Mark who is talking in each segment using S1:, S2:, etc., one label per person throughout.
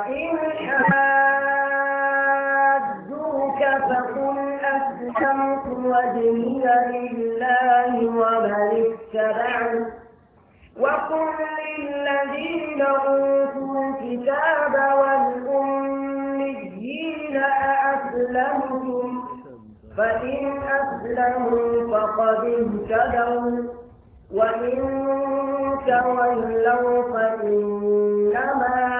S1: وإن حادوك فقل أسلمت وجهي لله ومن اتبعني وقل للذين أوتوا الكتاب والأميين أأسلمتم فإن أسلموا فقد اهتدوا وإن تولوا فإنما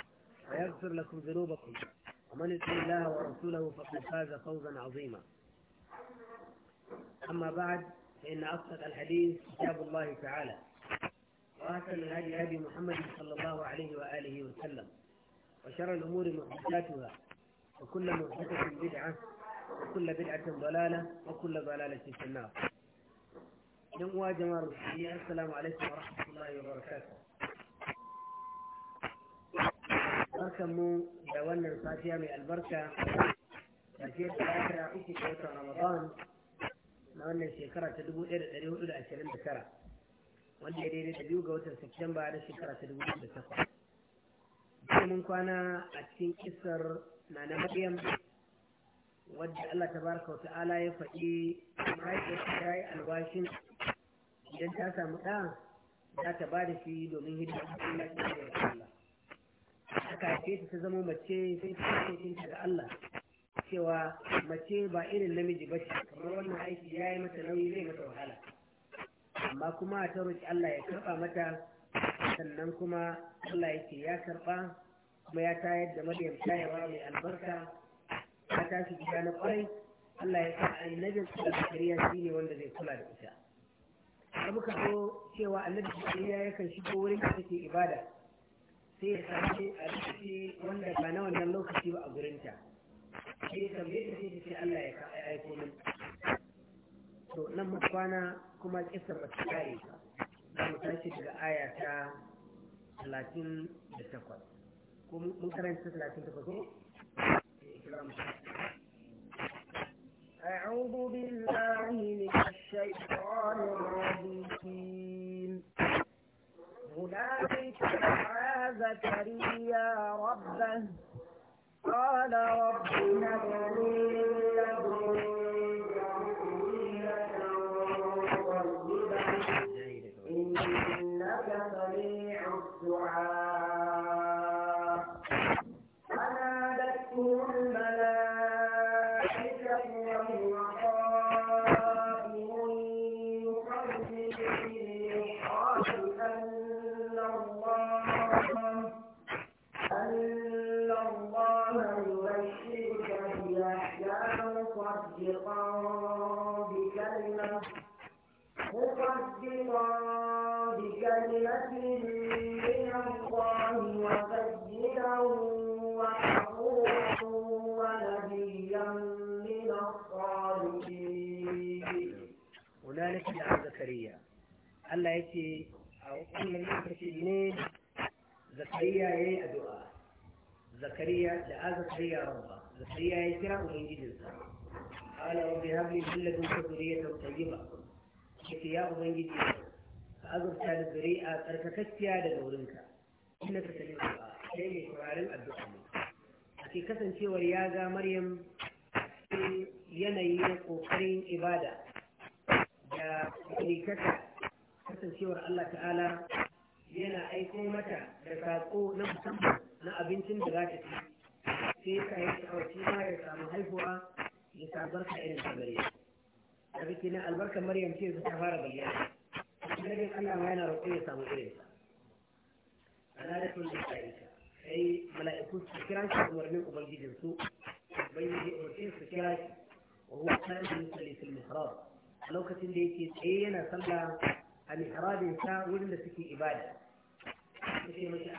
S2: ويغفر لكم ذنوبكم ومن يطع الله ورسوله فقد فاز فوزا عظيما أما بعد فإن أصدق الحديث كتاب الله تعالى وأحسن الهدي هدي محمد صلى الله عليه وآله وسلم وشر الأمور محدثاتها وكل محدثة بدعة وكل بدعة ضلالة وكل ضلالة في النار. يا جماعة السلام عليكم ورحمة الله وبركاته. barkanmu da wannan safiya mai albarka ke da ƙarfara uku ga watan ramadan na wannan shekara ta 1429 wanda ya daidai da biyu ga watan septemba na shekara ta 2008 jiya mun kwana a cikin kisar na na maryam wadda allah ta baraka wata ala ya faɗi mahaifiyarsa ta yi albashin idan ta samu ɗa za ta ba da shi domin hidimta masallaci da yi. aka haife ta zama mace sai ta ce ta da Allah cewa mace ba irin namiji ba ce kamar wannan aiki ya yi mata nauyi zai mata wahala amma kuma ta roƙi Allah ya karɓa mata sannan kuma Allah yake ya karɓa kuma ya tayar da maryam tayarwa mai albarka ta tashi gida na ƙwarai Allah ya sa annabin da Zakariya shi ne wanda zai kula da ita. kuma ka zo cewa annabi Zakariya yakan shigo wurin da take ibada sai ya sami rikici wanda ba na wannan lokaci ba a gurinta sai ya tambaye ta sai ce Allah ya aiko min to nan mu kwana kuma kisar ba ta kare ba za mu tashi daga aya ta talatin da takwas ko mun karanta talatin da takwas
S1: أعوذ بالله من الشيطان الرجيم هنالك زكريا ربه قال ربنا إنك سميع الدعاء
S2: Allah ya ce a wannan lokaci ne zakariya ya yi addu'a zakariya da a zakariya rabba zakariya ya kira ubangijinsa ala rabbi habli min ladunka zuriyatan tayyiba yace ya ubangiji ka azurta da zuri'a tsarkakakkiya daga wurinka inna ka sami addu'a sai mai kurarin addu'a ne a ke kasancewar ya ga maryam yanayi na ƙoƙarin ibada da rikata kasancewar Allah ta'ala yana aiko mata da saƙo na musamman na abincin da za ta ci sai ka yi sha'awar ma ya samu haihuwa ya samu barka irin ta gare ta biki na albarkar maryam ce ta fara bayyana nabin Allah ma yana roƙo ya samu irin sa alalatul mala'ika sai mala'iku su kira shi umarnin ubangijin su ubangiji umarnin su kira shi wa huwa kan da fil mihrab a lokacin da yake tsaye yana sallah a mihrabin ta wurin في suke ibada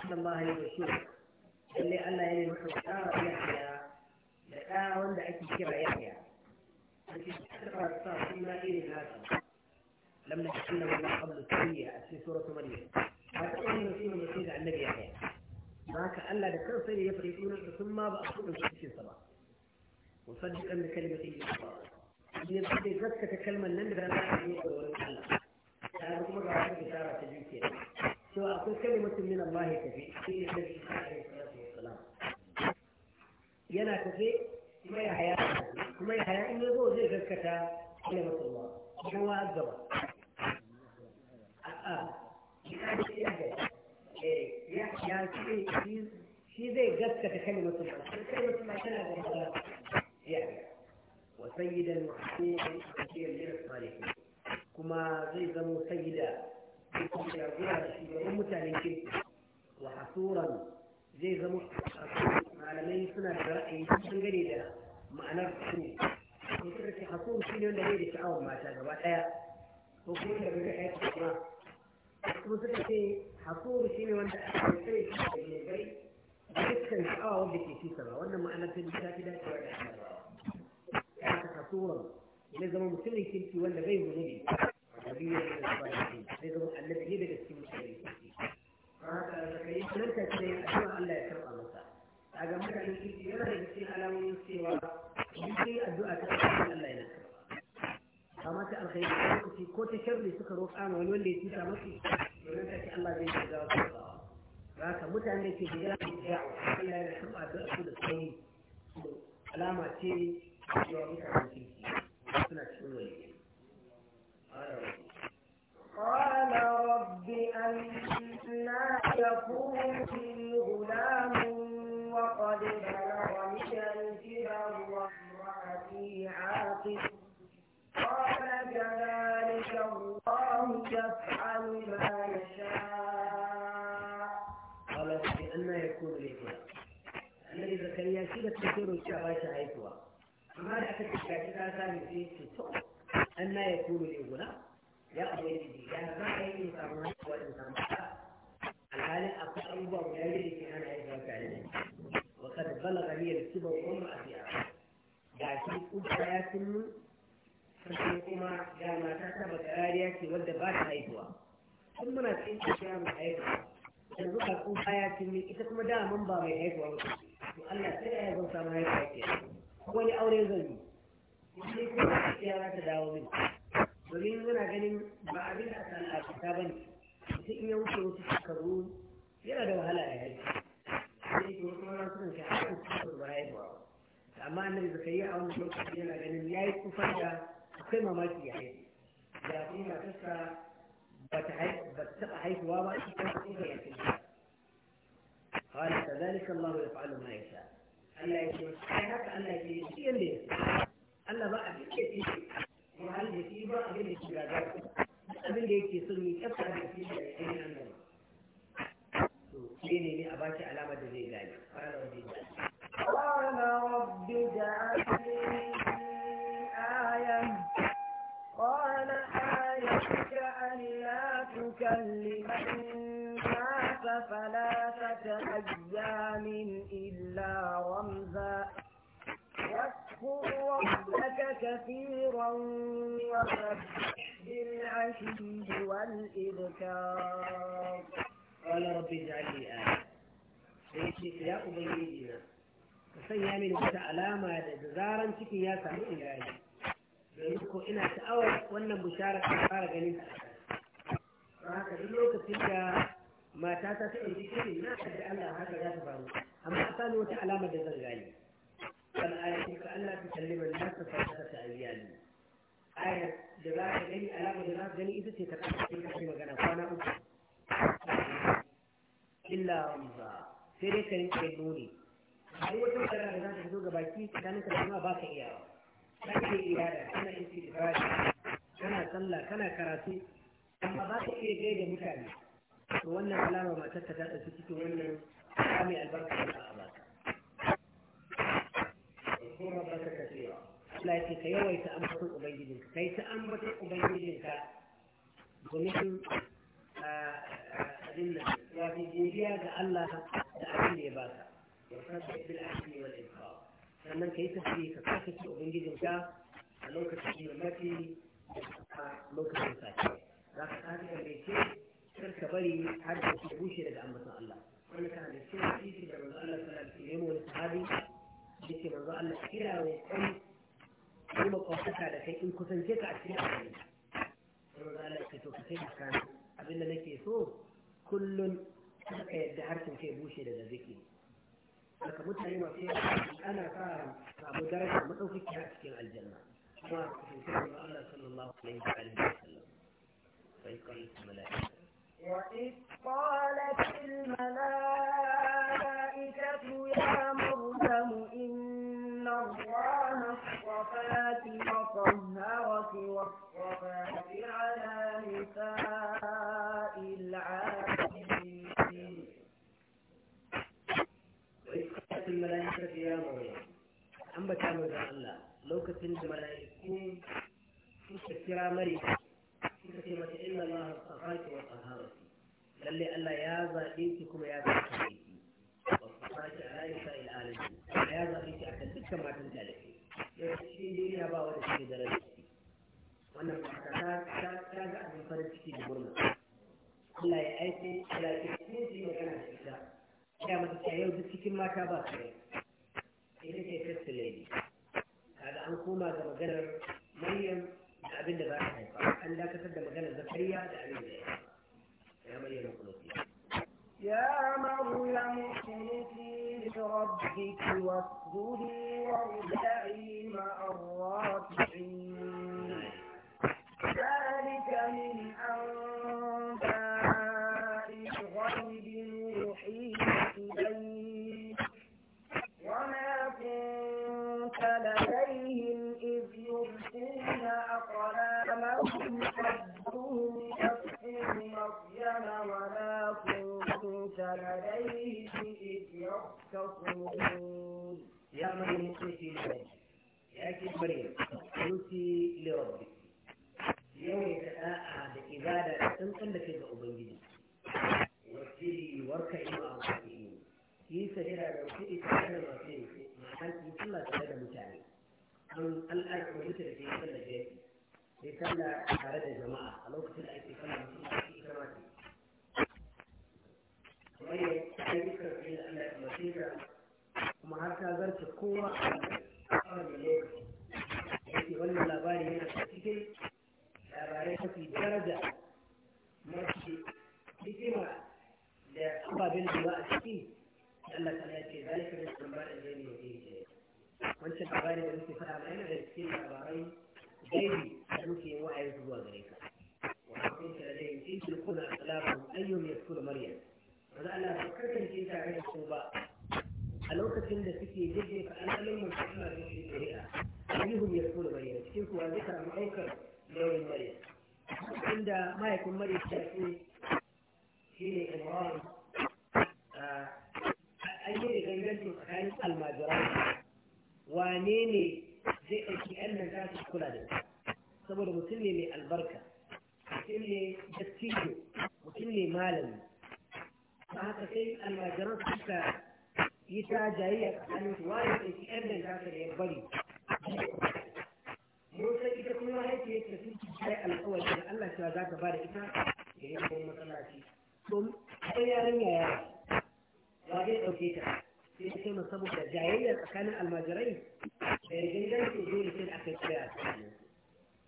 S2: الله mashi ahmad Allah ya rasu lalle Allah ya nemi kara yahya da ɗa wanda ake kira yahya suke kira sa suna لم نتكلم الا قبل السريه في سوره مريم تقول كان فيه المسجد عن النبي يحيى ما كان لا ذكر سيدي يفرقون ثم باخذ في أن كلمتي بكلمته إذا كنت تتكلم كلمة لم يفعل تتكلم sannan kuma ga wata bishara ta juke cewa akwai kalimatun min Allah ya tafi shi ne da Isa alaihi salatu wassalam yana tafi kuma ya haya kuma ya haya in ya zo zai gaskata kalimatun Allah kowa gaba a'a ya ya ce shi zai gaskata kalimatun Allah kalimatun Allah tana da mata ya وسيدا وحسينا كثيرا من الصالحين كما زي zanto sai da jagora da shugaban mutane ke wa hasuran zai zama malamai suna da ra'ayi sun gane da ma'anar su ne ko suka ce hasur shi ne wanda zai da sha'awar mata gaba ɗaya ko kuma da gaba ɗaya kuma kuma suka ce hasur shi ne wanda aka sai shi da gari dukkan sha'awa wanda ke fisa ba wannan ma'anar ta fi dacewa da shi ba wani wanda ya cuta masu domin ta ce Allah zai shiga wasu ba mutane da ke da ya Allah ya rasu a su da tsayi alama ce cewa suna cikin wani
S1: قال رب أنا يكون لي غلام وقد بلغني الكبر وامرأتي
S2: sai roƙi a bashi haihuwa amma da aka ce shi ta sami sai ce to an na ya kuru ne guna ya abu ya ce ya za a yi samu haihuwa in samu ta alhalin akwai abubuwa guda biyu da ke hana haihuwa tare da wa kada balaga ne ya ci ba kuma a biya gashi kuka ya tunu sai kuma ga mata ta ba karariya ce wadda ba ta haihuwa kun muna cikin shi ya mai haihuwa yanzu ka kuka ya tunu ita kuma daman ba mai haihuwa ba to Allah sai ya zan samu ya Ko wani aure zan yi sai kuma ya za ta dawo min domin muna ganin ba abin da aka al'afuta ba ne sai in ya wuce wasu shekaru yana da wahala ya yi sai kuma kuma na suna ka haɗin kusur ba haihuwa amma annabi zakariya a wani lokaci yana ganin ya yi kufar da kai mamaki ya yi. da kuma matarsa ba ta taɓa haihuwa ba ita kuma ya haihu قال كذلك الله يفعل ما يشاء الله يشاء هكا الله يشاء شيء اللي الله بقى في شيء وهل يشاء بقى أبين الشجاعات أبين اللي يشاء سلمي كفر أبين الشيء أبين النبي شيني لي أباك على مدى زي ذلك قال ربي
S1: قال رب اجعل آية قال كلم الناس فلا تتأجى إلا رمزا واذكر ربك كثيرا كَثِيرًا وَسَبِّحْ والإذكار
S2: قال رب اجعل لي آية ليش يا أبي يجينا فسيا من السعلامة زارا تكي يا سعيد الآية لأنكو إنا تأول وانا بشارك بشارك لنسعلامة don haka duk lokacin da mata ta ta ɗauki shirin na da Allah haka za ta faru amma a sami wata alama da zan gani kan ayatun ka Allah ta sallima na ta fata ta ayyali ayar da za ka gani alama da za ka gani ita ce ta kasa cikin kashe magana kwana uku illa ramza sai dai ka rinke nuni har wata magana da za ta fito ga baki tsakanin kalma ba ka iyawa kana ke ibada kana yin ibada kana sallah kana karatu amma ba su iya gaida mutane to wannan alama ba ta ta da su cikin wannan kame albarka da a ba Allah ya ce ka yawaita ambaton ubangijinka kai ta ambaton ubangijinka domin ah, ah, abin nan ya fi jiriya ga Allah da abin da ya ba ka wasabbi bil ahli wal ikhfa sannan kai tafi ka kasance ubangijinka a lokacin da mafi a ah, lokacin safiya لكن هذه الريشة تلك بري حد بوشي لدى أمة الله وأنا كان الشيء في من الله صلى الله عليه وسلم والصحابي بيتي من الله كلا ويقوم يوم قوتك على شيء إن كنت نجيك على شيء من الله كتوك شيء كان أبنى لك يسوه كل دهرتم شيء بوشي لدى ذكي daga mutane masu yawa ana fara samu daraja maɗaukakiya a cikin aljanna kuma a cikin Allah sallallahu alaihi wa sallam وإذ
S1: قالت الملائكة يا مريم إن الله اصطفاك وطهرك واصطفاك على نساء العالمين
S2: وإذ قالت الملائكة يا مريم أنبت أمر الله لو كنت ملائكة suka kira suka ce mata inna Allah safaki wa sahabati lalle Allah ya zaɓe ki kuma ya zaɓe ki wa safaki ala isa il alamin ya zaɓe ki akan dukkan matan talibai yau shi ne ya ba wanda shi da rashi wannan mata ta ta ga abin farin ciki da murna Allah ya aiko Allah ya aiko shi magana da ita ya mata ta yau duk cikin mata ba su rai ita kai first lady kaga an koma ga maganar Maryam تعبين ذبائح أخرى أن لا تقدم مثلا الذبحية تعبين ذبائح يا مريم اقنطي
S1: يا مريم اقنطي لربك واسجدي واركعي مع الراكعين نعم. ذلك من أنفسك الصبح لديهم إذ يرسلن أقلامهم حدهم يفحم مريم وما كنت لديهم إذ يختصمون يا مريم
S2: اسلكي البيت يا مريم قلتي لربك يوم تساءل إبادة تنقل لك الأبنجي وارتلي واركعي مع الصالحين كيف ترى لو شئت أنا ما فيه dan su yi sallah tare da mutane an al'ar rubuta da ke sallah jefi sai sallah tare da jama'a a lokacin da ake sallah mutum da ake ikirma ce kamar yau ta yi dukkan fiye da Allah ya mace ta kuma har ta zarce kowa a kawai da lokaci yake wannan labari yana cikin labarai mafi daraja mafi hikima da ababen da ba a ciki Allah ta ya ce zalika min anba'il ghaibi wa bihi wancan labari da muke faɗa yana da cikin labarai gaibi da muke wa'ayi zuwa gare ka wa hakun ta da yin injil kuna salamu ayyun yaskur maryam wanda Allah ta karkance tare da su ba a lokacin da suke jirgin ka al'alin musamman da shi shari'a ayyuhum yaskur maryam cikin kuwa zai samu ɗaukar nauyin maryam inda mahaifin maryam ta ce shi ne imran ah, an yi rigangancin tsakanin almajiran wane ne zai ɗauki yan nan za su kula da su saboda mutum ne mai albarka mutum ne dattijo mutum ne malami ba haka sai almajiran suka yi ta jayayya tsakanin su wani ɗauki yan nan za su da ya bari mun san ita kuma mahaifiyar ta sun ci kai alƙawari da Allah cewa za ta ba da ita da ya kuma matsalaci. Don, sai yaran yaya wa zai ɗauke ta sai ta kai saboda jayayya tsakanin almajirai da yarjejen ke dole sai da aka yi tsaya a tsakanin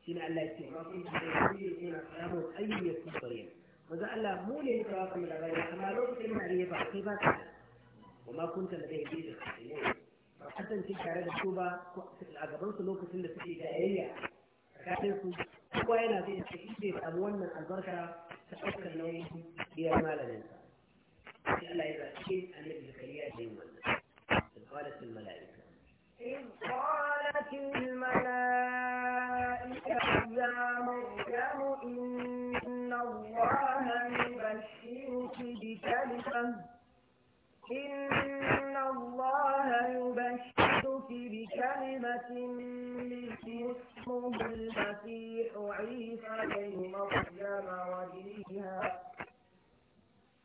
S2: shi ne Allah ya ce ba kun ji da yanzu ne yana samun ayyuka su bari maza Allah mu ne ya kawo kamar labari amma lokacin yana da ba kai ba ka وما كنت لديه بيد حتى انت tare da su ba a gaban su lokacin da suke da yayya kafin su kowa yana da yake ide samu wannan albarka ta ɗaukar nauyin biyar malamin sa ألا يبكين أن ابن زكريا زين قالت الملائكة
S1: إذ قالت الملائكة يا مريم إن الله يبشرك بكلمة إن الله يبشرك بكلمة منه اسمه المسيح عيسى بن مريم وجيها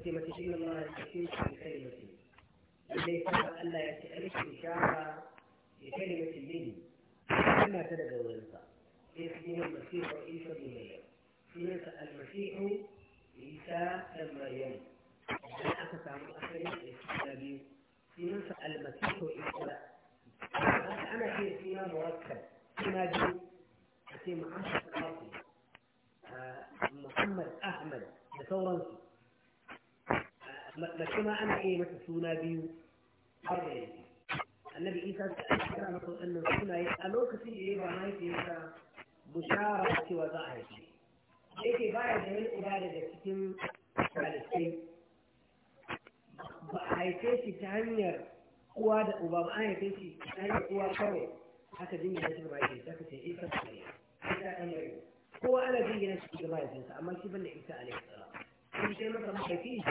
S2: قسمت إن الله يكفيك بكلمة ليس ألا يسألك إشارة بكلمة منه كما تلد ولنسى اسمه المسيح عيسى بن مريم سنة المسيح عيسى بن مريم aka samu asalin da biyu sunansa almasihu isra haka ana ce suna muwakkal suna biyu a ce muhammad kafi muhammad ahmad da sauransu mace ma ana iya mata suna biyu har da yake annabi isa ta kira masa waɗannan sunaye a lokacin da ya ba mahaifiyarsa bushara cewa za a haife yake baya da wani uba daga cikin halittai ba a haife shi ta hanyar uwa da uba ba a haife shi ta hanyar uwa kawai haka jingina shi ba yake ta kace isa ta ne isa ɗan yare kowa ana jingina shi ga mahaifinsa amma shi ban da isa a alaihi tsara. in sai masa mahaifi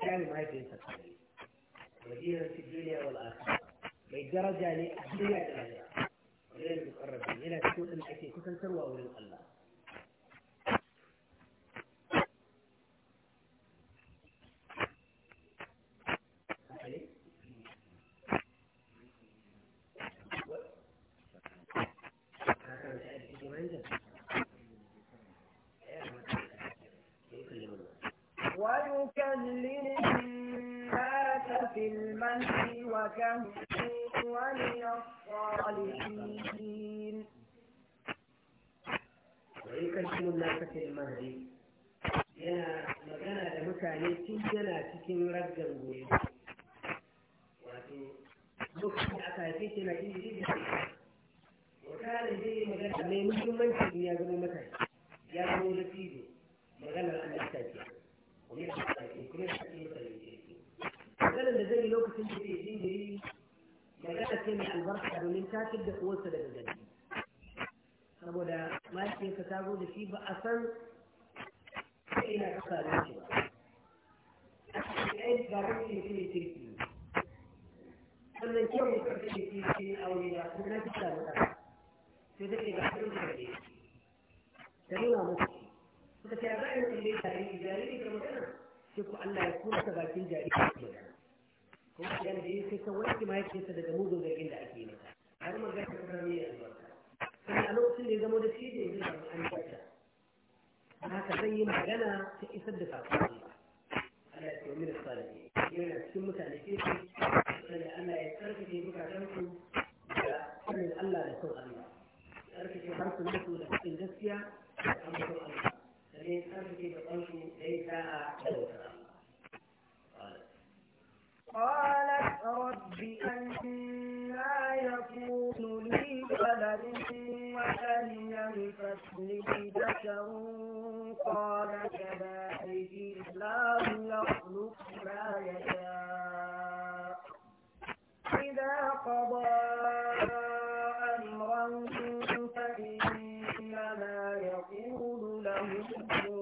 S2: kyale mahaifiyarsa kare wajirar fi duniya wal akhirah mai daraja ne a duniya da lahira wanda yana da ƙarrabi yana cikin wadanda ake kusantarwa wurin Allah
S1: ويكلم الناس في المهد وكهلا ومن الصالحين
S2: ويكلم الناس في المهد yana magana da mutane tun yana cikin raggar goyo wato lokacin da aka haife shi na iya yi da wata da zai magana mai muhimmanci ya zama mata ya zama wani ce mai albarka domin ta da uwarsa daga gari saboda mahaifiyarsa ta zo da shi ba a san ta ina ta faru shi ba ai ba ba ne shi ne kirki sannan kyau ne karfi ne kirki ne a wuri da kuma na fi samu ɗan sai ta ce ga kuma ta ne ta nuna musu suka ce a za a yi kalle jariri jariri ga magana sai ku Allah ya kuma ta bakin jariri magana kuma idan da ya kai ta wanke mahaifiyarsa daga mugun zakin da ake yi har magana ta kasar mai albarka sai a lokacin da ya zama da shi da ya zama an kwata haka zan yi magana ta isar da sakonni Allah ya ce min salihin yana cikin mutane ke su sai Allah ya tsarkake ku, da sanin Allah da son Allah tsarkake harsun musu da cikin gaskiya da amfani Allah sai tsarkake da kansu da ya sa'a da wata
S1: قالت رب أن لا يكون لي بلد وأن ينفسني بشر قال كذلك الله يخلق ما يشاء إذا قضى أمرا فإنما يقول له كن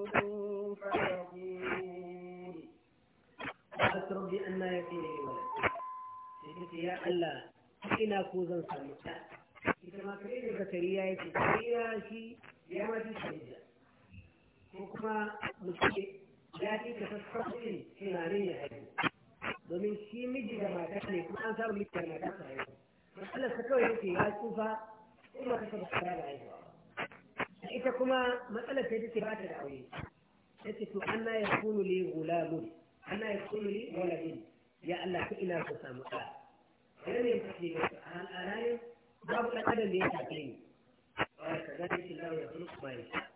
S2: قالت ربي أن يكون لي ولد سيدك يا ألا إنا كوزا صمتا إذا كريم زكريا يتي كريا يتي يما تي سيدا حكما مجد جاتي كتتصفين في نارين يحبو ومن شي مجد ما تحني كما أنصار مجد ما تحني فألا سكوه يتي يا كوفا إما كتب حسابا عيزوا إذا كما مسألة سيدتي بعد العوين سيدتي أن يكون لي غلام ana yakunu wala ne. ya Allah ta ina ka samu ɗa idan ne ta ce masa a halayen babu ɗan adam da ya tafi ni wani ka zai shi lawa ya kuma kuma ya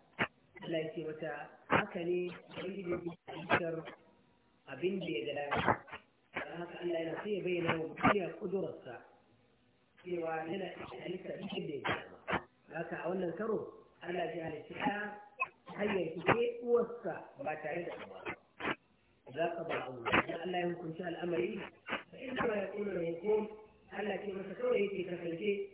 S2: Allah ya ce mata haka ne ubangiji ya fitar abin da ya ga dama don haka Allah yana sai ya bayyana wa mutum kudurarsa cewa yana halitta cikin da ya dama haka a wannan karo Allah ya halitta ta hanyar ke uwarsa ba tare da ba كنت الأمري فإنما يكون الموقوم التي مسكوه في كفلكي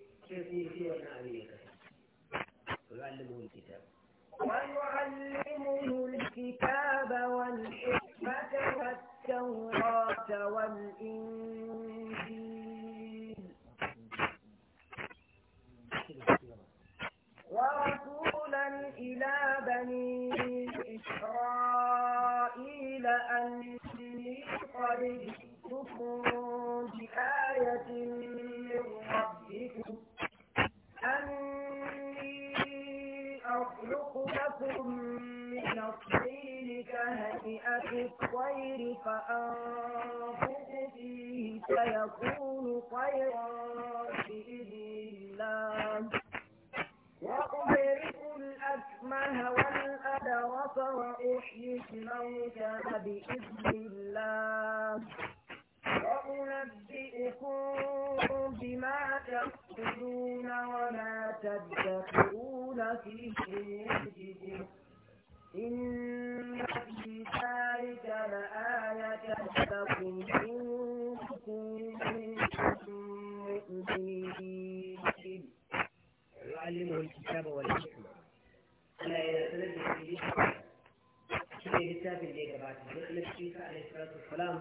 S2: isa alaihi salatu wassalam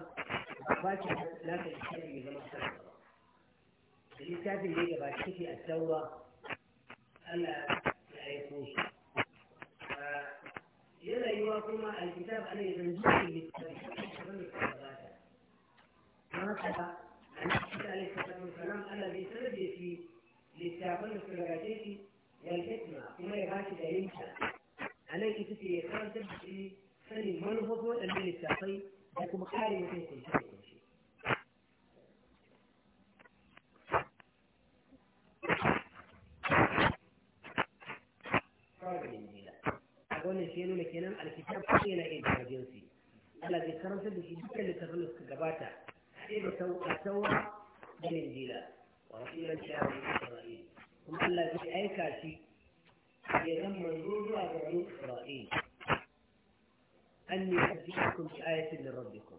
S2: ba ki na ka isa ne zama sa da littafin da ya gabata a taura Allah ya aiko shi ya yi wa kuma alkitab ana ta gabata don haka alkitab alaihi salatu wassalam Allah bai sanar da shi littafin da suka gabace shi والحكمة وما يبعث دليلها sanin manufofin waɗannan littafai da kuma kare mutum kunshi da kunshi a wannan shi nuna kenan alkitab kuma yana iya jinsi Allah zai karantar da shi dukkan littafin da suka gabata sai da taura da injila wa rasulan shi a isra'il kuma Allah zai aika shi ya zama manzo zuwa ga isra'il أني أبيكم بآية من ربكم.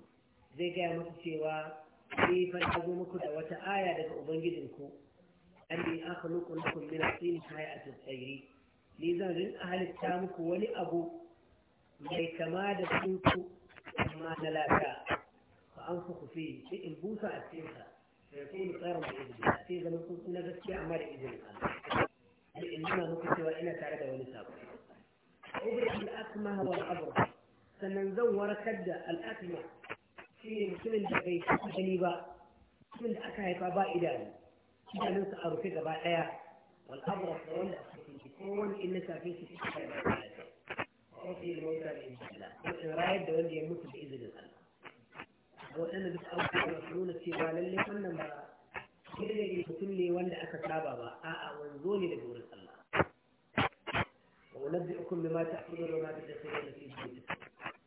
S2: زي قام تسيوا كيف الحظوم كده وتآية لك أبنجدنكم أني أخلق لكم من الطين حياة الثيري لذا أهل التامك ولأبو لي كما دفنكم ما نلاكا فأنفق فيه في البوسة أكتنها فيكون خيرا بإذن الله في زمن كنت نفسك أعمال إذن الله لإنما نكتوى إلى كارده ونسابه أبرح الأكمه والأبرح سننزور كدا الأكمة في مسلم جاكي حليبا من أكاي فابا إدان إذا ننسى أرفق بائيا والأبرى فرون يكون إن سافي في سفر بائيا وأوصي الموتى بإن شاء الله وإن رايد دول يموت بإذن الله وإن بس أوصي الرسولون السيوال اللي فنن ما كل يجي تتلي وانا أكتابا با آه، آآ آه، وانزولي لبور الله ونبئكم بما تأخذون وما تدخلون في سبيل الله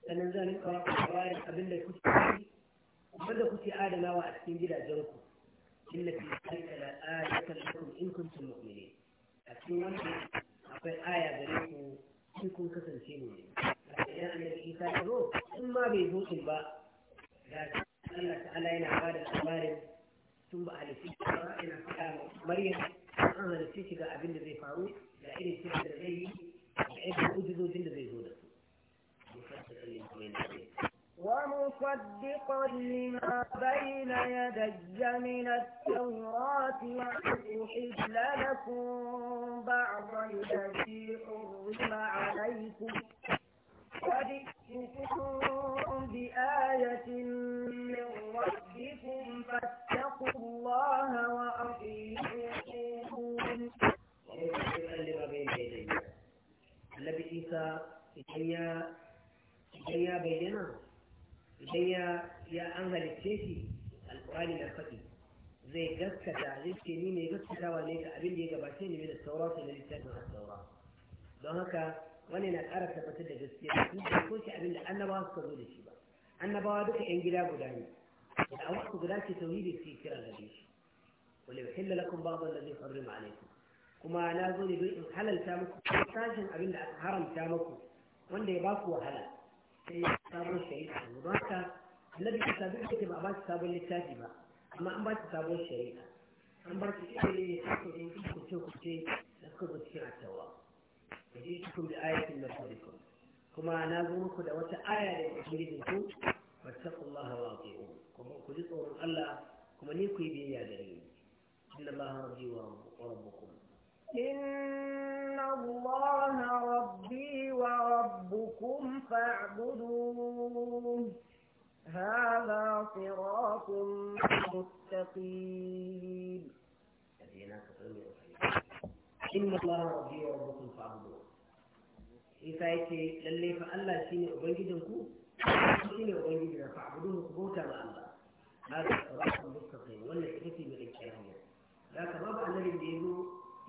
S2: sannan za zan rika labarin abin da kuke yi da kuke adanawa a cikin gidajenku inna fi da la ayatan lakum in kuntum mu'minin a cikin wannan akwai aya gare ku in kun kasance ne a cikin annabi Isa ta zo in ma bai zo in ba da Allah ta'ala yana ba da labarin tun ba a lissi ba yana faɗa Maryam an halitta shi ga abin da zai faru da irin shi da zai yi da irin ujizojin da zai zo da
S1: ومصدقا لما بين يدي من التوراة وأحل لكم بعض الذي حرم عليكم وجئتكم بآية من ربكم فاتقوا الله وأطيعون
S2: ومصدقا لما بين يدي النبي عيسى idan ya bayyana idan ya an halicce shi alƙur'ani na faɗi zai gaskata zai ce ni mai gaskatawa ne ga abin da ya gabace ni da sauransu na littafin saura. don haka wani na ƙara tabbatar da gaskiya su da ko shi abin da annabawa suka zo da shi ba annabawa duka yan gida guda ne da a wasu guda ce tauhidi su yi kira da shi wani yuhilla lakum ba'd allazi harrama alaykum kuma na zo ne don in halalta muku sashin abin da aka haramta muku wanda ya ba ku wahala sai sabon shari'a ne ba ka annabi ta sabi ita ba a ba ta sabon littafi ba amma an ba ta sabon shari'a an ba ta ilimi ne ta ko in kuce kuce da suka zo cikin attawa da ji cikin da ayatin na farko kuma na zo muku da wata aya da ya shiri da ku fattakullaha wa atiyu kuma ku ji tsoron Allah kuma ni ku yi biyayya da ni inna Allah rabbi wa rabbukum
S1: إن الله ربي وربكم فاعبدوه هذا صراط مستقيم
S2: إن الله ربي وربكم فاعبدوه Isa ya ce lalle fa Allah shi ne Ubangijinku, shi ne Ubangiji na fa'abudu ku bauta ma Allah. Haka ba ku mustaqim wannan ita ce mai kiyama. Da ka babu annabin da ya zo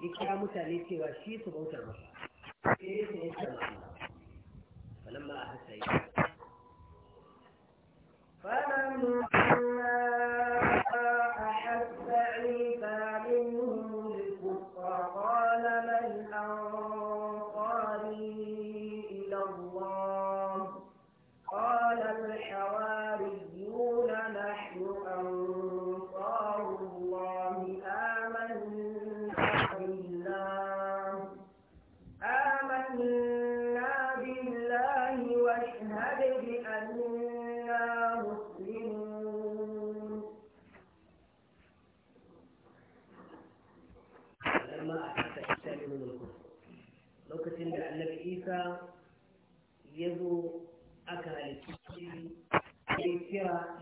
S2: ya kira mutane cewa shi su bautar masa sai su bautar masa
S1: falan ma a hasa yi قال من أنصاري إلى الله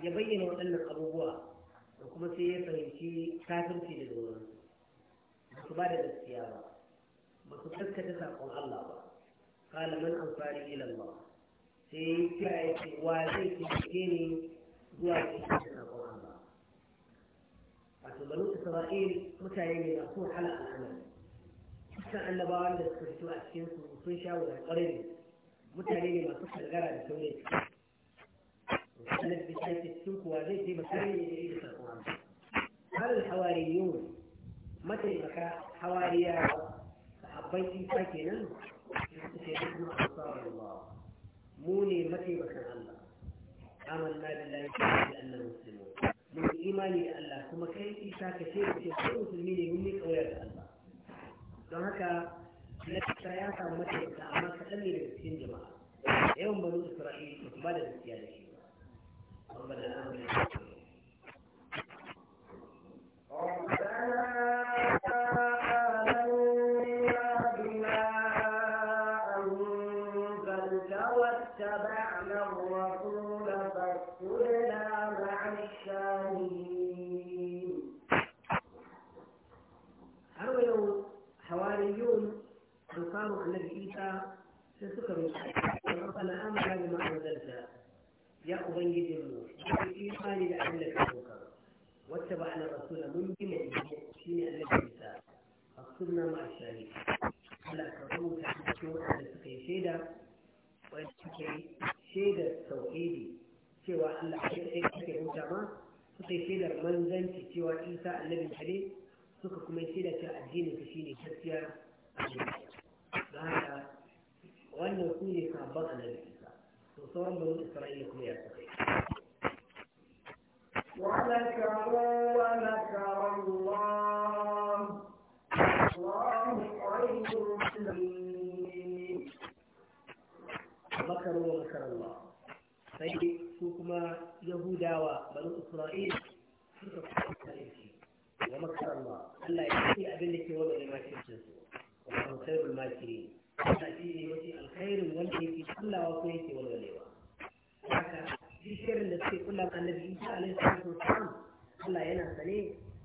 S2: ya bayyana waɗannan abubuwa da kuma sai ya fahimci kafirci da domin ba su ba da gaskiya ba ba su taskata saƙon Allah ba kala man amfani ila Allah sai ya kira ya ce wa zai taimake ni zuwa cikin saƙon Allah wato banu Isra'il mutane ne masu wahala al'amari dukkan annabawan da suka fito a cikin su sun sha wuya ƙwarai mutane ne masu kargara da sauye الذي بحيث السوق وهذه وزيت مكاني هل الحواريون متى بكى حواريا حبيتي ساكنا سيدنا أنصار الله موني متى بكى الله آمنا بالله بأننا مسلمون من إيماني الله كما كيف ساكتين في كل مسلمين منك أو يد الله وهكذا lakta ya samu mace amma kaɗan ne daga cikin jama'a yawan banu isra'ila ba da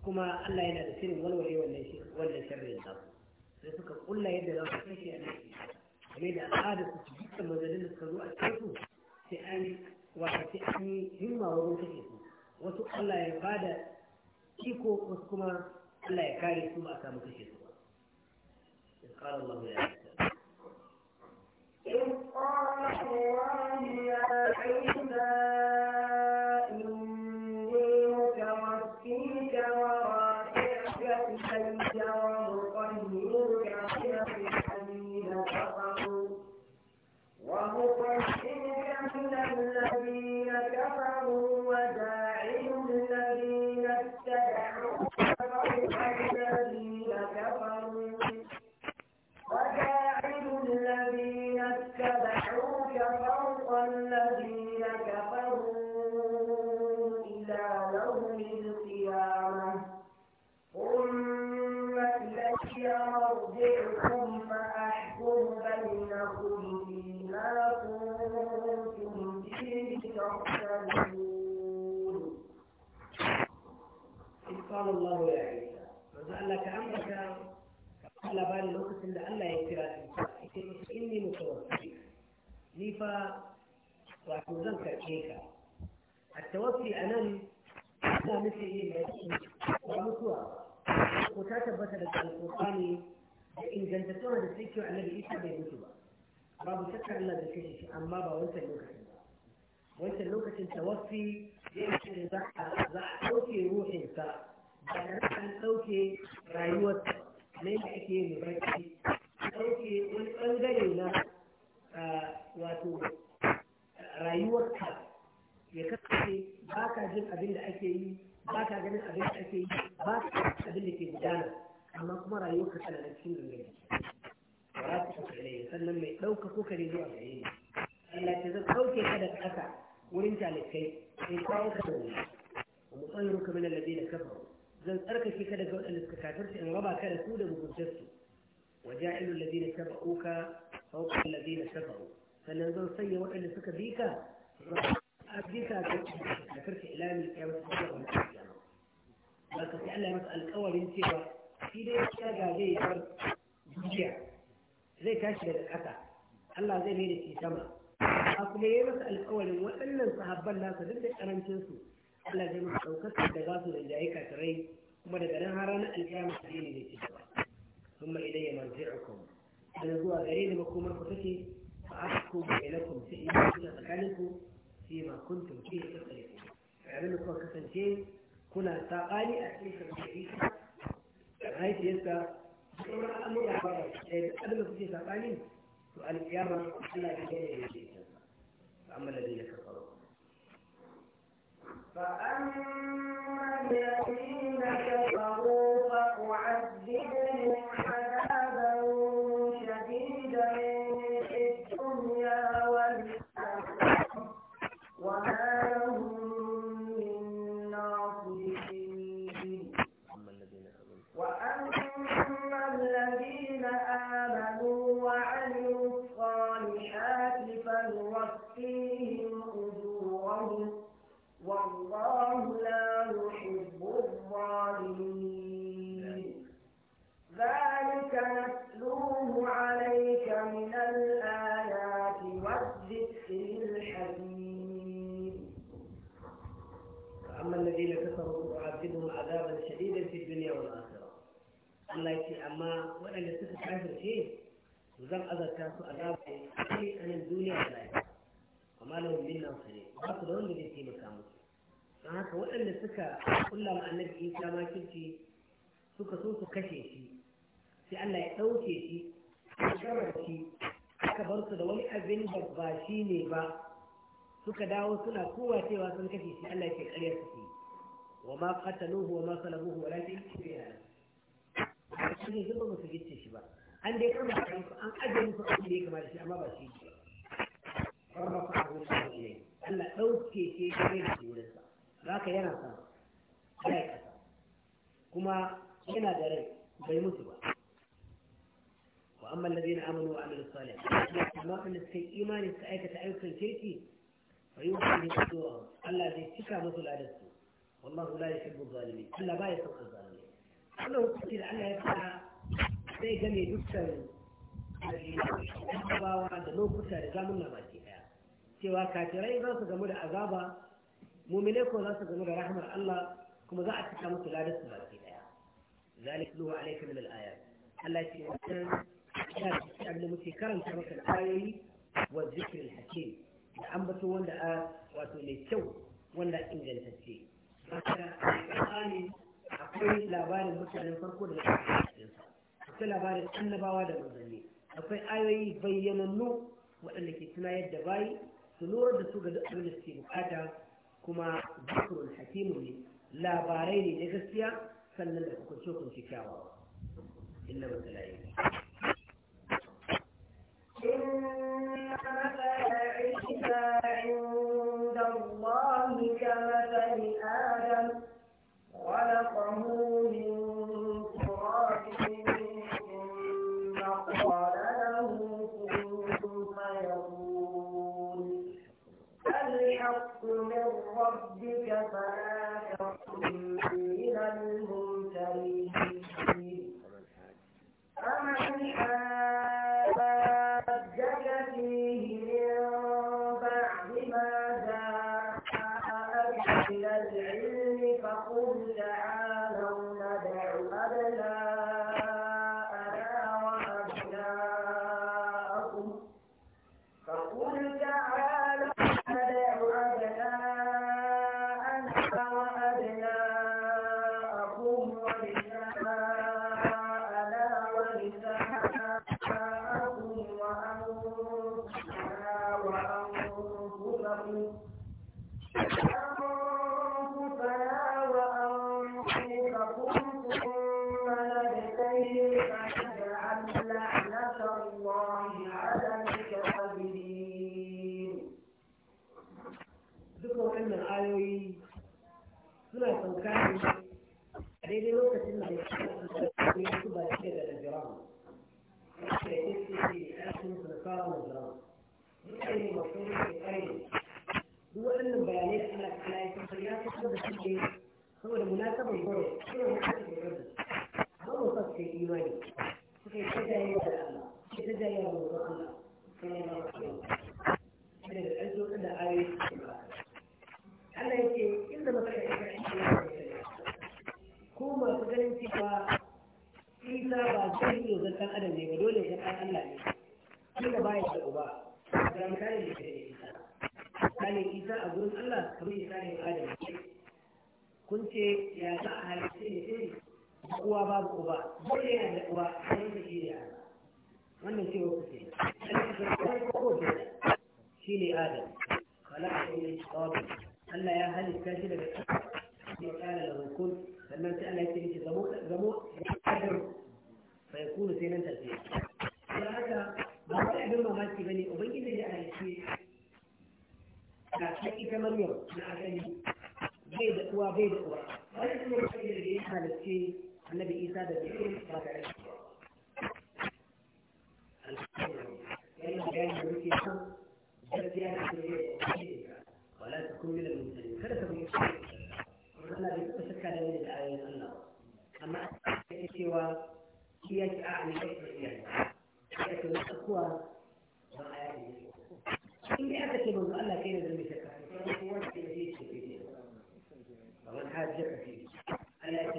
S2: kuma Allah yana da sirrin walwale wannan shi wannan sharrin da sai suka kulla yadda za su kashe a nan game da al'ada su dukkan mazalin da suka zo a cikin su sai an wata sai an yi himma wurin kashe su wasu Allah ya bada iko wasu kuma Allah ya kare su ba a samu kashe su ba. قال الله يا إذ قال
S1: الله يا الذين كفروا إلى يوم القيامة ثم إلي مرجعكم فأحكم بينكم فيما كنتم فيه تختلفون
S2: قال الله يا عيسى وجعلك أمرك على بالي لوكس لألا يكفي إني متوفيك ni وأتوزن تأشيكا التوفي أنني لا مثل إيه لأشي ومسوى قتاتا بسل القرآن إن جنتتونا بسيكيو أن الإيسا بيبتوا رابو شكر الله بسيكيش أم بابا وانت اللوكة وانت اللوكة توفي يمكن زحا زحا توفي روح إنسا بأنك أن توفي رايوة ليس أكيد بريكي توفي وانت أنجلينا آه، واتوه rayuwarka ya kasance ba ka jin abin da ake yi ba ka ganin abin da ake yi ba ka abin da ke gudana amma kuma rayuwar ka tana da cikin gangan ba ku kuka ne sannan mai ɗauka kuka ne zuwa gare ni Allah ce zan ɗauke ka da ƙasa wurin talikai in kawo ka da wani mu tsayin ka mana labe da kafa zan tsarkake ka daga waɗanda suka kafirta in raba ka da su da muguntarsu وجاعل الذين سبقوك da الذين سبقوا sannan zan sanya waɗanda suka bi ka a bi ka da karka ila mai kuma wani kiyama ba ka sai Allah ya masa alƙawarin cewa shi dai ya gaje ya bar duniya zai tashi daga ƙasa Allah zai mai da shi sama a kuma ya yi masa alƙawarin waɗannan sahabban nasa duk da ƙarancin su Allah zai masa ɗaukar da za su rinjaye kafirai kuma daga nan har na alƙiyama su ne zai ci gaba ثم إلي مرجعكم أنا زوا غريب مكومة فتكي فأحكم إليكم في إيمان تسألكم فيما كنتم فيه تختلفون فعملوا كما كسنتين كنا ساقالي أحسن كمشيئيك عايز يسا أمر أمر أحبار قبل ما كنتم ساقالي سؤال القيامة ألا يجب أن فأما الذين كفروا
S1: فأما
S2: zan azarta su a ne a nan duniya da lafiya amma lahum min nasiri ba su da wanda zai taimaka musu don haka waɗanda suka kulla ma annabi Isa makirci suka so su kashe shi sai Allah ya ɗauke shi ya gama shi aka bar su da wani abin da ba shi ne ba suka dawo suna kowa cewa sun kashe shi Allah ke ƙarya suke wa ma qataluhu wa ma salabuhu walakin shi ne zuba musu gicce shi ba an dai kama da su an ajiye musu abin da ya kamata shi amma ba shi ne rarrafa abu da abu ilai Allah ɗauke ce ya mai da shi wurinsa za ka yana sama ya yi ƙasa kuma yana da rai bai mutu ba wa amma na amanu wa amilu salih amma wanda suka yi imani suka aikata ayyukan kirki fa yi wa ne zuwa Allah zai cika musu ladarsu wallahu la yuhibbu zalimin Allah ba ya son azzalimi Allah hukunci da Allah ya fara zai game dukkan abawa da lokuta da zamun na baki daya cewa kafirai za su gamu da azaba mumine ko za su gamu da rahmar Allah kuma za a cika musu ladar su baki daya zalik nuhu alayka min al-ayat Allah ya ce wannan ya ce abin da muke karanta maka ayoyi wa zikril hakim da ambato wanda a wato mai kyau wanda ingantacce haka a akwai labarin mutanen farko da akwai labarin annabawa da manzanni akwai ayoyi bayyanannu waɗanda ke tuna yadda bayi su lura da su ga duk abin da suke bukata kuma zikrun hakimu ne labarai ne na gaskiya sannan da hukunce hukunce kyawawa illa ba ta
S1: إن مثل عيسى عند الله كمثل آدم خلقه من
S2: idan ɗan Allah ne tun da baya da uba ga misalin da ke isa misalin isa a gurin Allah ya kamar misalin adam kun ce ya za a halitta ne sai uwa babu uba dole yana da uwa sai da shi ne wannan ce wasu ce shi ne adam a من تراب Allah ya halitta shi daga ƙasa ya ƙara da hukun sannan sai Allah ya ce zamo zamo adam فيكون سينا تأثير فهذا ما هو ما مماتي بني أبين لأهل الشيء كأشياء كمريم لأهل بيد وبيد أخرى ولكن الرسول الذي أهل الشيء النبي إيسا دبيل رفع ولا تكون من المسلمين فلا تكون من المسلمين أنا بشكل من الآية الله أما أتكلم shi a ya in aka ce Allah wani ka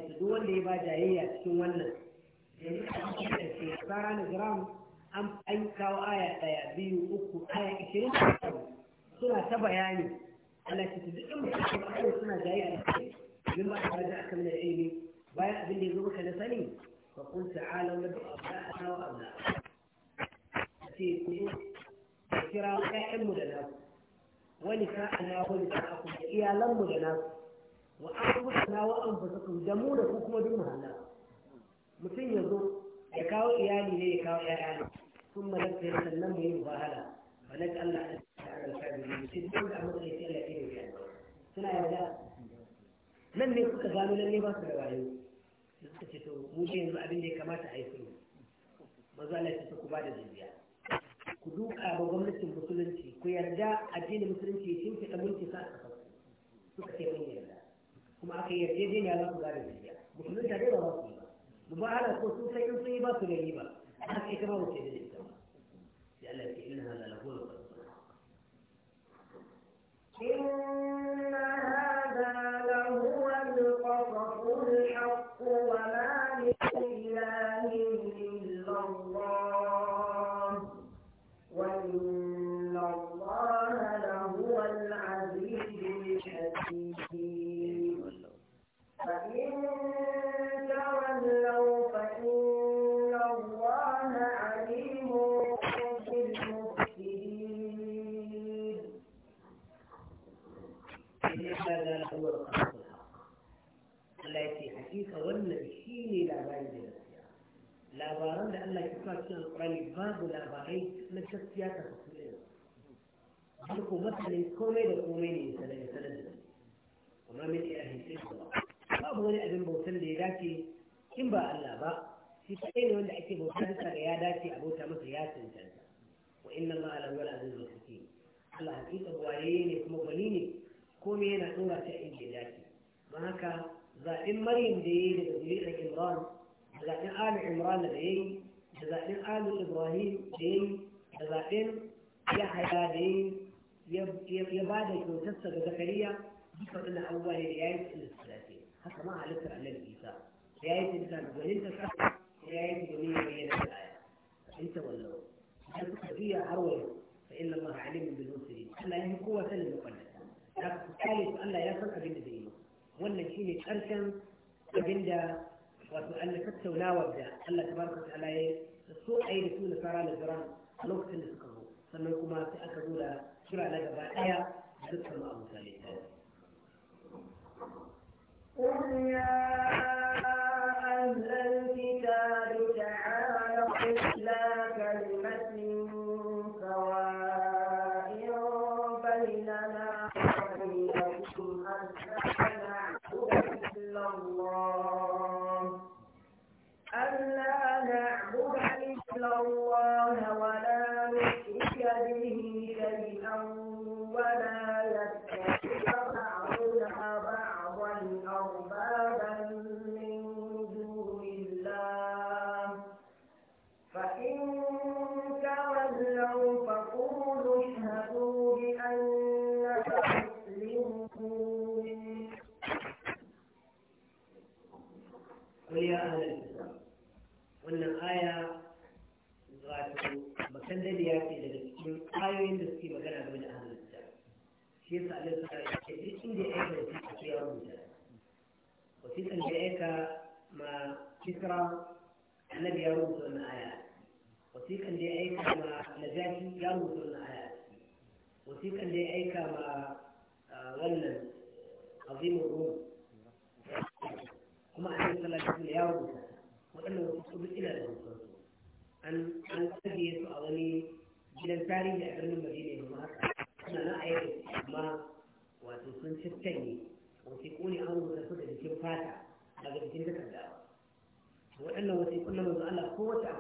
S2: duk wanda ya ba jayayya cikin wannan a cikin tsara gram an an kawo aya biyu uku aya ishirin suna ta bayani Allah ya ce duk mutum suna jayayya da kai ba a aka mina ilimi bayan abin da ya zo maka na sani فقل تعالوا ندعو أبناءنا وأبناءنا أتيكم كرا أحم لنا ونساءنا ونساءكم إيالم لنا وأنفسنا وأنفسكم دمونا كوكما دونها لنا mutum ya zo ya kawo iyali ne ya kawo ‘ya'ya ne sun malaka ya sannan mu yi wahala malaka Allah ya ta'ala ka bi mutum duk da mutum ya ce Allah ya suna yarda nan ne suka gano lalle ba su da wayo da suka ce to mu je yanzu abin da ya kamata a yi kuma manzo Allah ya ku ba da jizya ku duka ba gwamnatin musulunci ku yarda addinin musulunci ya shimfiɗa mulki sa a kafa suka ce mun yarda kuma aka yi yarjejeniya za ku ba da jizya musulunta dai ba za ku yi ba ba ana ko sun san in sun yi ba su gani ba haka ita ma ba ce da ita ba sai Allah ya ce inna hadha lahu al-qur'an
S1: inna hadha وما لله
S2: cikin alƙurani babu labarai na gaskiya ta fasu ne har ko komai da komai ne sanar da sanar da amma mai iya hince su ba babu wani abin bautar da ya dace in ba Allah ba shi kaɗai ne wanda ake bauta da da ya dace a bauta masa ya cancanta wa inna ma ala wala azizul hakim Allah hakika waye ne kuma gwani ne komai yana ɗora ta inda ya dace don haka zaɓin maryam da ya yi daga zuri'ar imran zaɓin ali imran da ya yi ذاين آل إبراهيم دين ذاين يحيى دين يب يب يبادى يكون جسد زكريا ذكر إن أول رياية الثلاثين حتى ما علمت على الإيتاء رياية الإنسان وليس الشخص رياية الدنيا هي الآية أنت ولا هو هي أول فإن الله عليم بالمرسلين ألا هي قوة للمقدسة لكن الثالث ألا يصل أجند دينه والنجيم يتأركم أجند وتؤلف حتى ولا وجه الله تبارك وتعالى سوء اي رسول صار لجران الوقت اللي سكبوا ثم يقوم اكبوا لها شرع لك بعد ايه ذكر الله تعالى
S1: قل يا ايها الكتاب الله ولا نشرك به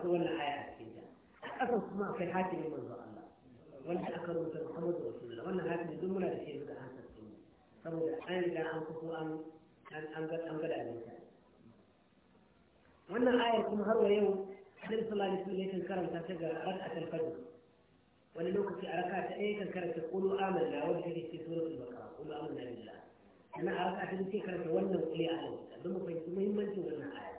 S2: akwai wannan aya a cikin ta a ƙasan kuma akwai hakimin manzo Allah wanda aka rubuta Muhammadu Rasulullah wannan hakimi duk muna da shi da an sassu saboda an riga an kuso an an ga an ga da abinta wannan ayar kuma har wa yau Annabi sallallahu alaihi wasallam yakan karanta ta ga rak'atul fajr wani lokaci a raka ta ɗaya kan karanta qulu amanna wanda take cikin suratul baqara qulu amanna billah sannan a raka ta biyu karanta wannan qul ya alim don mu fahimci muhimmancin wannan ayar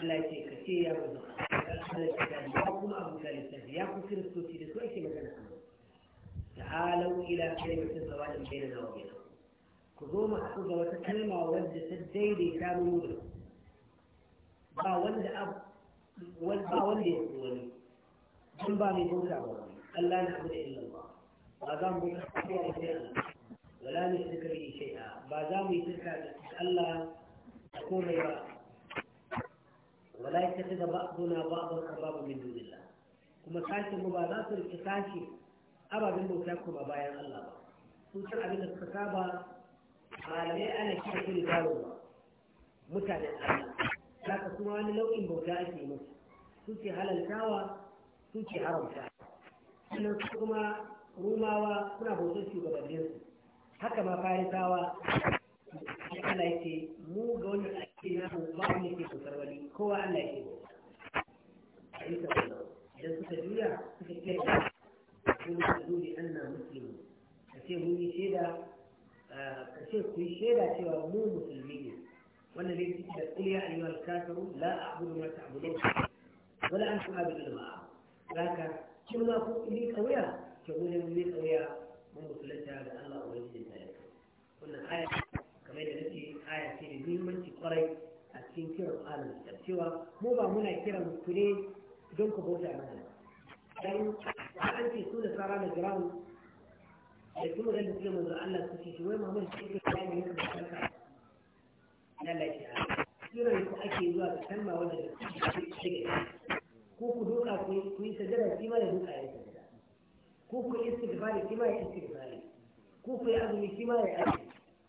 S2: Allah ce ka ce ya ku zama Allah ce ka ya kuma abu da lissafi ya ku kiristoci da su ake magana ta'alau ila kalimatin sawadin bainana wa bainakum ku zo mu haɗu ga wata kalma wadda ta daidai ta da ba wanda ba wanda ya fi wani don ba mai bauta ba Allah na abu da illa ba ba za mu bauta kowa ba sai Allah wala mu shirka bi shay'a ba za mu yi shirka da Allah komai ba wala ya tafi da a ba'dan babu min dunillah kuma sashen mu ba za su rike sashi ababen bauta kuma bayan Allah ba su san abin da suka saba malamai ana kira su da ba mutanen Allah ka kuma wani nau'in bauta ake musu su ce halaltawa su ce haramta sannan kuma rumawa suna bautar shugabanninsu haka ma farisawa Allah ya ce mu ga wani kiyarwa ba ne ke fitar wani kowa ana yi ne a yi tabbata idan suka juya suka na musulmi a ce mun yi shaida a ce ku cewa mu musulmi ne wannan ne da tsiriya a yi wa kasaru la a abudu mata abudu wala an kuma bin ilma a ka ce muna ku ni kauya ke wani da allah a wani kamar da nake aya ce da muhimmanci kwarai a cikin kiran alam da cewa mu ba muna kiran ku ne don ku bauta a nan dan an ce su da sara da giramu da kuma da suke manzo Allah su ce wai Muhammad shi ke kawo ne da kanka Allah ya kiran ku ake zuwa ga kalma wanda da shi ko ku doka ku yi sajada shi ma da doka ya sajada ko ku yi istighfari shi ma ya istighfari ko ku yi azumi shi ma ya azumi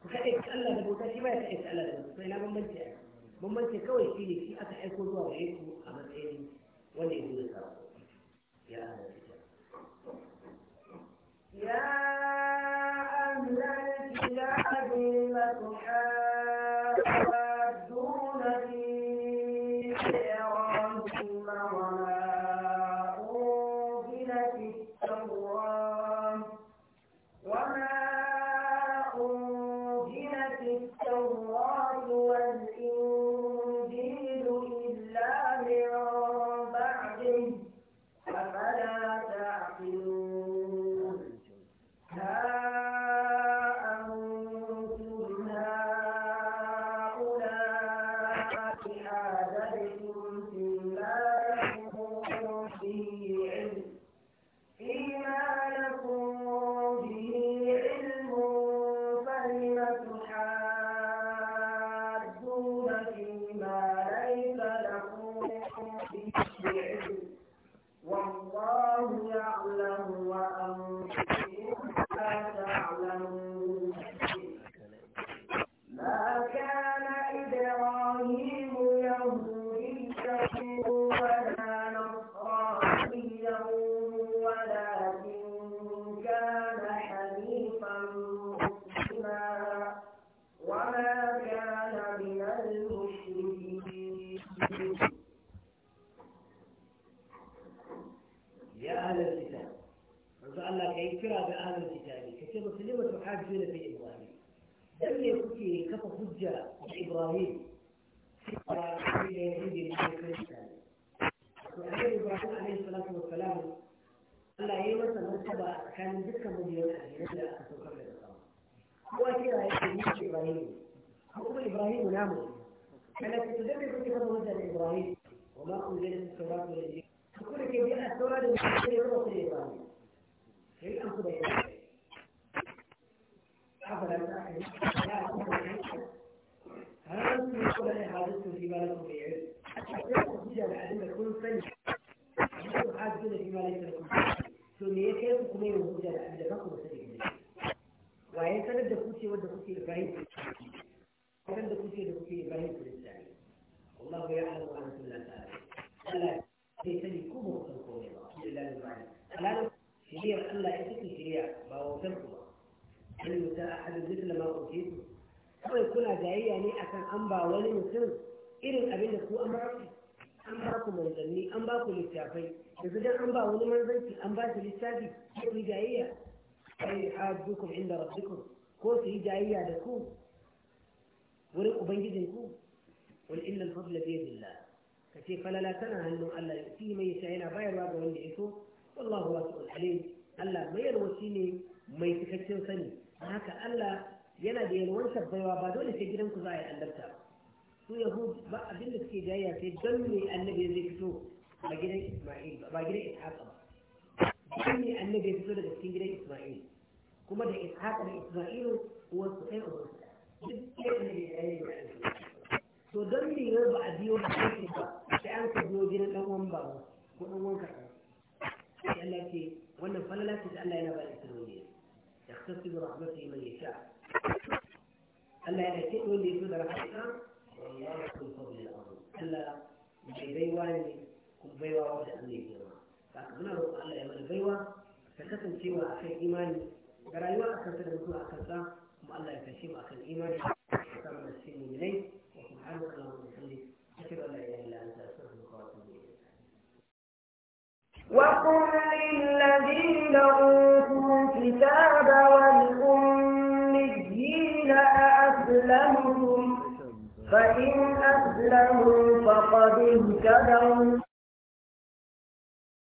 S2: ku kaɗai da bauta shi ba ya da bauta sai na kawai shi ne shi aka aiko zuwa gare ku a matsayin wanda ya zo
S1: da sako ya
S2: إبراهيم عند عليه الصلاة والسلام قال له أيوة مرتبة كان ذكا مليون عليه رجل أخذ وكيرا يحكي إبراهيم هو إبراهيم نامه كان تتدرك في فضل وجه إبراهيم وما أقول لنا في التوراة والإنجيل تقول لك يبيع التوراة للمشكلة يروح لإبراهيم هل أنقذ إبراهيم حفظ إيه أن أحد لا أقول هل يقول أن حادثه فيما لكم به علم؟ أتحدث جدا العلم يكون فن تحادثون فيما ليس ثم يكيف كمين وجود العلم لكم وسلم وهي سند دكوتي ودكوتي إبراهيم سند دكوتي ودكوتي إبراهيم في الإسلام والله يعلم وأنتم لا تعلمون ألا ليس لكم وخلقوا إلا المعنى ألا شريع ألا يتكي شريع ما هو هل يؤتى مثل ما أوتيتم kawai kuna jayayya ne akan an ba wani mutum irin abin da ku an ba ku an ba ku manzanni an ba ku littafai da dan an ba wani manzanci an ba shi littafi ko yi jayayya ai hajjukum inda rabbikum ko su yi jayayya da ku wurin ubangijin ku wal inna al-fadla bi yadillah kace falala tana hannun Allah shi mai yasa yana bayarwa ga wanda ya so wallahu wasu alim Allah mai yarwaci ne mai cikakken sani haka Allah yana da yalwantar baiwa ba dole sai gidanku za a yi annabta su Yahudu ba abin da suke jayya sai don me annabi zai fito ba gidan isma'il ba gidan ishaqa ba don me annabi ya fito daga cikin gidan isma'il kuma da ishaqa da isma'il uwar su kai uwar su duk ɗaya ne da yayin da to don me yau ba a biyo da aiki ba sai an ka biyo gidan dan uwan ba ko ɗan uwan ka sai Allah ce wannan falala ce da Allah yana ba da sirri ne yakhtasu bi rahmatihi man yasha' ألا أنا شيء من اللي يجوز رحمتها والله كل فضل الأرض ألا بي بيوة كل بيوة وحدة أمني جماعة فأكبرنا رب ألا يمن بيوة فكسن سوى أخي إيمان برأيوة أكثر من كل أكثر ثم ألا يتشيب أخي الإيمان فكما نسلم إليه وسبحانك اللهم وبحمدك أشهد أن لا إله إلا أنت أستغفرك وأتوب إليك
S1: وقل للذين أوتوا الكتاب والأمة فإن أسلموا فقد اهتدوا